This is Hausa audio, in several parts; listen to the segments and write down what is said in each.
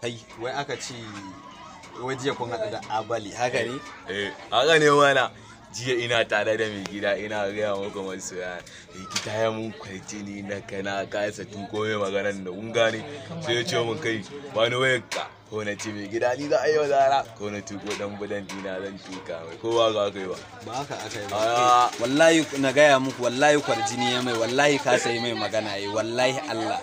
kai wai aka ce wajiya jiya kun haɗu da abali haka ne eh, eh haka ne mana jiya ina tare da mai gida ina gaya muku masu ya gida ya mun kwalce ni na kana kasa tun kome maganar da kun gane sai ya ce mun kai wani wayar ka ko na ce mai gida ni za a yi wa zara ko na tuko dan budan dina zan tuka mai ko ba ka aka yi ba ba ka aka yi ba ah. wallahi na gaya muku wallahi kwarjini ya mai wallahi kasa yi mai magana yi eh, wallahi Allah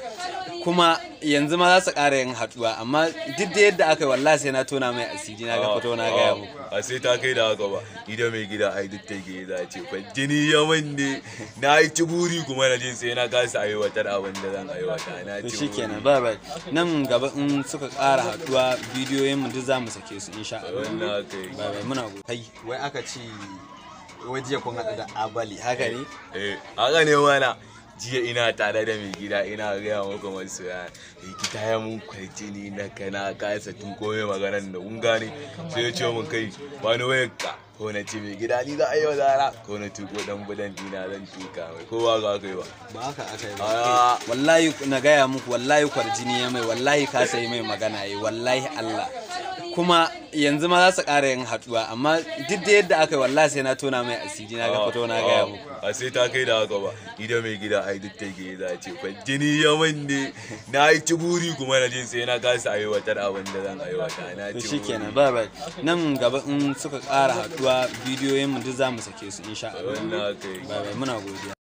kuma yanzu ma za su ƙara yin haɗuwa amma duk da yadda aka yi wallahi sai na tona mai asiri na ga fito na gaya ah, ah, muku a ah, sai ta kai da haka ba ida mai gida ai duk take za a ce fa jini ya wande na yi tuburi kuma na jin sai na kasa aiwatar abin da zan aiwata na shi shikenan ba ba nan gaba in suka ƙara haɗuwa bidiyoyin mu duk za mu sake su insha Allah ba ba muna kai wai aka ce wai kun haɗu da abali haka ne eh, eh haka ne wala jiya ina tare da mai gida ina gaya muku masu ya rikita ya mun kwalce ni na kana kasa tun kome maganar da kun gane sai ya ce mun kai wani wayar ka ko na ce mai gida ni za a yau zara ko na tuko dan budan dina zan tuka mai ko ba ka kai ba ba ka aka yi ba ah. wallahi na gaya muku wallahi kwarjini ya mai wallahi kasa yi mai magana yi eh, wallahi Allah kuma yanzu ma za su ƙara yin haɗuwa amma duk da yadda aka yi wallahi sai na tona mai asiri na ga fito na gaya oh, oh, muku oh, a sai ta kai da haka ba idan mai gida ai duk ta yi za a ce fa jini ya wande na yi tiburi kuma na jin sai na kasa aiwatar abin da zan wata na shi kenan ba ba nan gaba in suka ƙara haɗuwa bidiyoyin mu duk za mu sake su insha Allah muna godiya